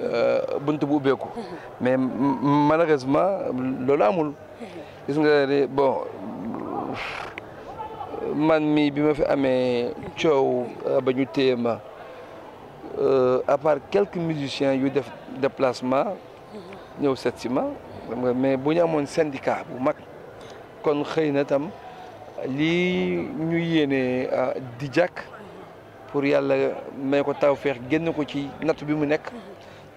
Euh, buntu bu ubbeeku. mais malheureusement loolu amul. gis nga ne bon man mi bima fi amé ciow euh, bañu ñu euh à part quelques musiciens yu def déplacement. ñëw seet si ma mais bu ñu amoon syndicat bu mak kon xeyna tam li ñu yéné euh, di jak pour yalla may ko taw génn ko ci natt bi mu nekk.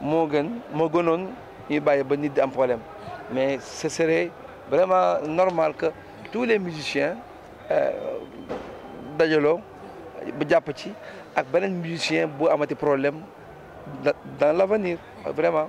Morgan, gën problème mais ce serait vraiment normal que tous les musiciens euh, déjà bu ci musiciens musicien amati problème dans l'avenir vraiment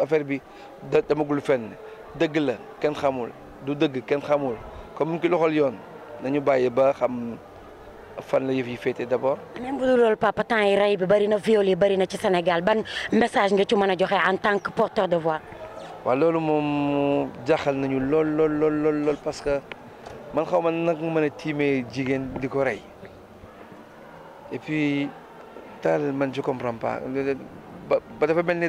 affaire bi da demagul fenn deug la kenn xamul du deug kenn xamul comme mu loxol yoon nañu baye ba xam fan la yef yi fété d'abord même bu dul papa tan yi ray bi bari na viol yi na ci Sénégal ban message nga ci mëna joxé en tant que porteur de voix. wa lolou mom jaxal nañu lol lol lol lol parce que man xawma nak nag mëna timé jigen diko ray et puis tellement man je comprends pas ba dafa mel ni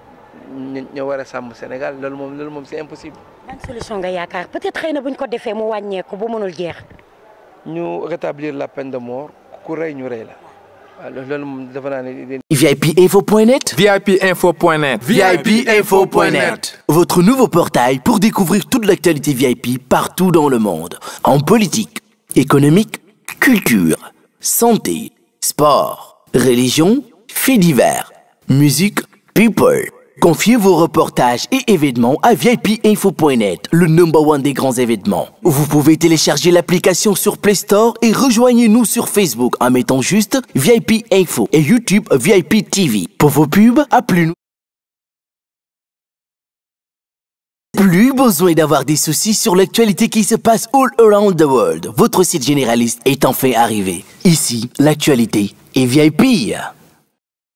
Nous war a Sénégal c'est impossible. Quelle solution nga peut-être que nous avons ñu ko de mu pour bu mënul nous rétablir la peine de mort ku rey ñu rey la. VIPinfo.net VIPinfo.net VIPinfo.net Votre nouveau portail pour découvrir toute l'actualité VIP partout dans le monde. En politique, économique, culture, santé, sport, religion, faits divers, musique, people. Confiez vos reportages et événements à VIPinfo.net, le number one des grands événements. Vous pouvez télécharger l'application sur Play Store et rejoignez-nous sur Facebook en mettant juste VIP Info et YouTube VIP TV. Pour vos pubs, à plus nous. Plus besoin d'avoir des soucis sur l'actualité qui se passe all around the world. Votre site généraliste est enfin arrivé. Ici, l'actualité est VIP.